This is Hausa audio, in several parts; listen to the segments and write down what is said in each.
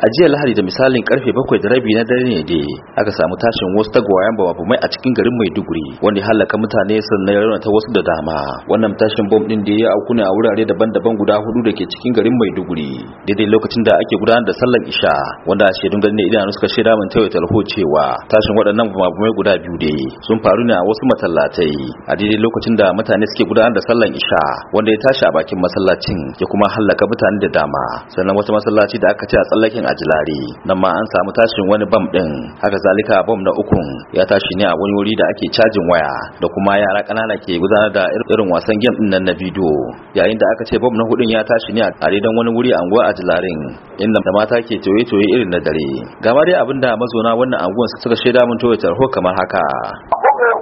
a jiya lahadi da misalin karfe bakwai da rabi na dare ne dai aka samu tashin wasu tagwayen mai a cikin garin maiduguri wanda halaka mutane sannan ya ta wasu da dama wannan tashin bom din da ya auku ne a wurare daban-daban guda hudu da ke cikin garin maiduguri daidai lokacin da ake gudanar da sallar isha wanda a shaidun garin idan suka shaida min tawaita talho cewa tashin waɗannan mai guda biyu dai sun faru ne a wasu masallatai a daidai lokacin da mutane suke gudanar da sallar isha wanda ya tashi a bakin masallacin ya kuma halaka mutane da dama sannan wata masallaci da aka ce a tsallakin ajilari nan ma an samu tashin wani bam din haka zalika bam na ukun ya tashi ne a wani wuri da ake cajin waya da kuma yara kanana ke gudanar da irin wasan game din nan na bidiyo yayin da aka ce bam na hudun ya tashi ne a daidan wani wuri a anguwa ajilarin inda da mata ke toye-toye irin na dare gama dai abinda mazauna wannan anguwan suka shaida mun toye tarho kamar haka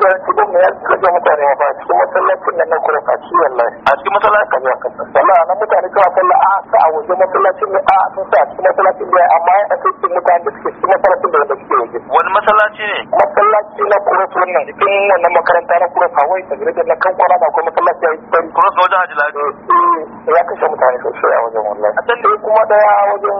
ga cikin masallacin da na kurfa a cikin masallacin ka ne sallah na mutane kawai sallah a rufe masallacin ne a sun sa cikin masallacin ne amma ya ake cikin mutane da suke cikin masallacin da wanda suke waje. Wani masallaci ne? Masallaci na Kuros wannan cikin wannan makaranta na Kuros Hawaii da gidajen na kan kwana da akwai masallaci a Isbari. Kuros na wajen Hajji Ladi. Eh, ya kashe mutane sosai a wajen wannan. A can da kuma ɗaya wajen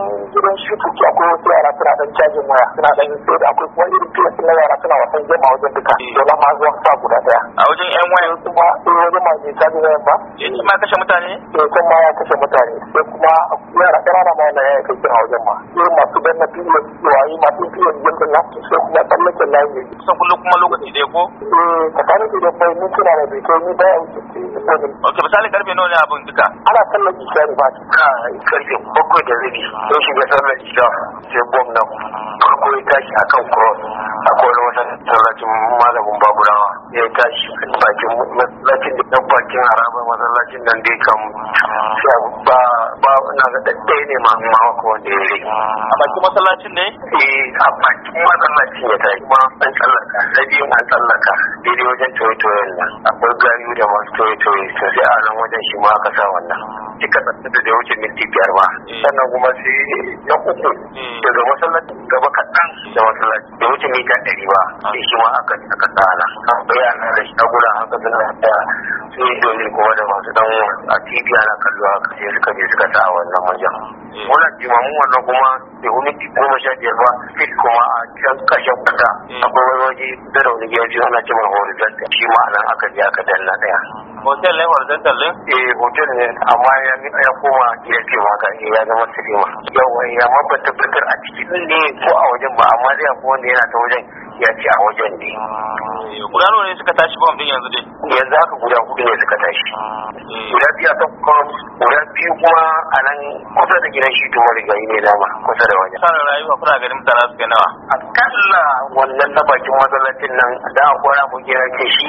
shukuki akwai wasu yara suna dan cajin waya suna dan sai da akwai kuma irin kiran na yara suna wasan jama wajen duka eh. dole ma zuwa sa guda daya a wajen yan wayan kuma sai wajen ma bai cajin wayan ba eh, ma kashe mutane eh kuma ma ya kashe mutane sai kuma yara ƙanana ma wannan ya kai kira wajen ma sai masu danna filin wayi masu filin jirgin na sai kuma tsallaken layi kusan kullum kuma lokaci dai ko eh, tsakanin su da bai mintuna da bai kai ni baya wuce ok misali karfe nawa ne abin duka ana sallar isha ne ba ta ah, karfe bakwai da rabi sun shiga gida sai bom na farko ya tashi kuro a kowane wata masallacin malamin baburawa ya tashi bakin masallacin da dan bakin haraba masallacin nan dai kam ba ba na ga daddai ne ma ma ko da ya yi a bakin masallacin ne eh a bakin masallacin ya tashi ma an tsallaka sai biyu an tsallaka daidai wajen toyotoyon nan akwai gari da masu toyotoyi to sosai, a nan wajen shi ma aka sa wannan ci kasance da da wuce minti biyar ba mm. sannan kuma sai na uku mm. daga masallaci gaba kaɗan da masallaci da wuce mita ɗari ba sai ah. shi ma aka aka tsala bayyana da shi na gura haka suna da su yi domin kuma da masu ɗan a tv ana kallo haka sai suka je suka sa wannan wajen muna jimamin wannan kuma da wani goma sha biyar ba fit kuma a can ƙarshen kuta hmm. akwai wani waje da rauni ya ji ana cimar horizontal shi ma'anan aka je aka danna daya. hotel ne horizontal ne? eh hotel ne amma ya koma ya ce maka ya zama sirima yawa ya mabata fitar a ciki ne ko a wajen ba amma dai akwai wanda yana ta wajen ya ce a wajen din eh, guda nawa ne suka tashi bomb din yanzu dai yanzu haka guda hudu ne suka tashi eh. guda biyu ta guda biyu kuma a nan kusa da gidan shi tumar gari ne dama kusa da wajen sarar rayuwa kuna garin mutane su nawa A kalla wannan na bakin masallacin nan da akwai ramu gina ke shi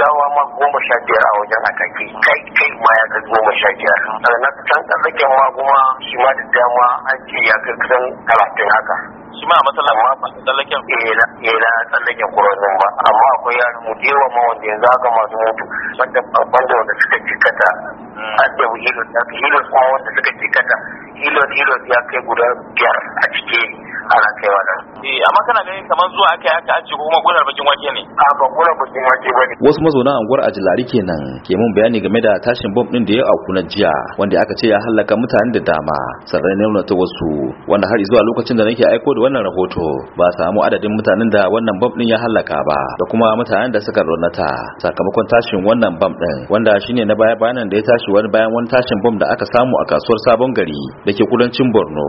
gawa ma goma sha biyar a wajen atake kai kai ma ya kai goma sha biyar na can tsallaken ma kuma shi ma da dama an ce ya kai kusan talatin haka shi ma a masallacin ba tsallaken eh, eh na tsallaken kurozin ba amma akwai yaro mu dewa ma wanda yanzu haka masu mutu wanda wanda wanda suka jikata hadda hilot hilot kuma wanda suka jikata hilot hilot ya kai guda biyar a cikin ana kaiwa nan. Eh amma kana ganin kamar zuwa aka yi aka ajiye kuma bakin wake ne. A ba bakin wake ba ne. Wasu mazauna anguwar Ajilari kenan ke mun bayani game da tashin bom din da ya auku na jiya wanda aka ce ya halaka mutane da dama sarrai ne ta wasu wanda har zuwa lokacin da nake aiko da wannan rahoto ba samu adadin mutanen da wannan bom din ya halaka ba da kuma mutanen da suka raunata sakamakon tashin wannan bom din wanda shine na baya bayanan da ya tashi wani bayan wani tashin bom da aka samu a kasuwar sabon gari da ke kudancin Borno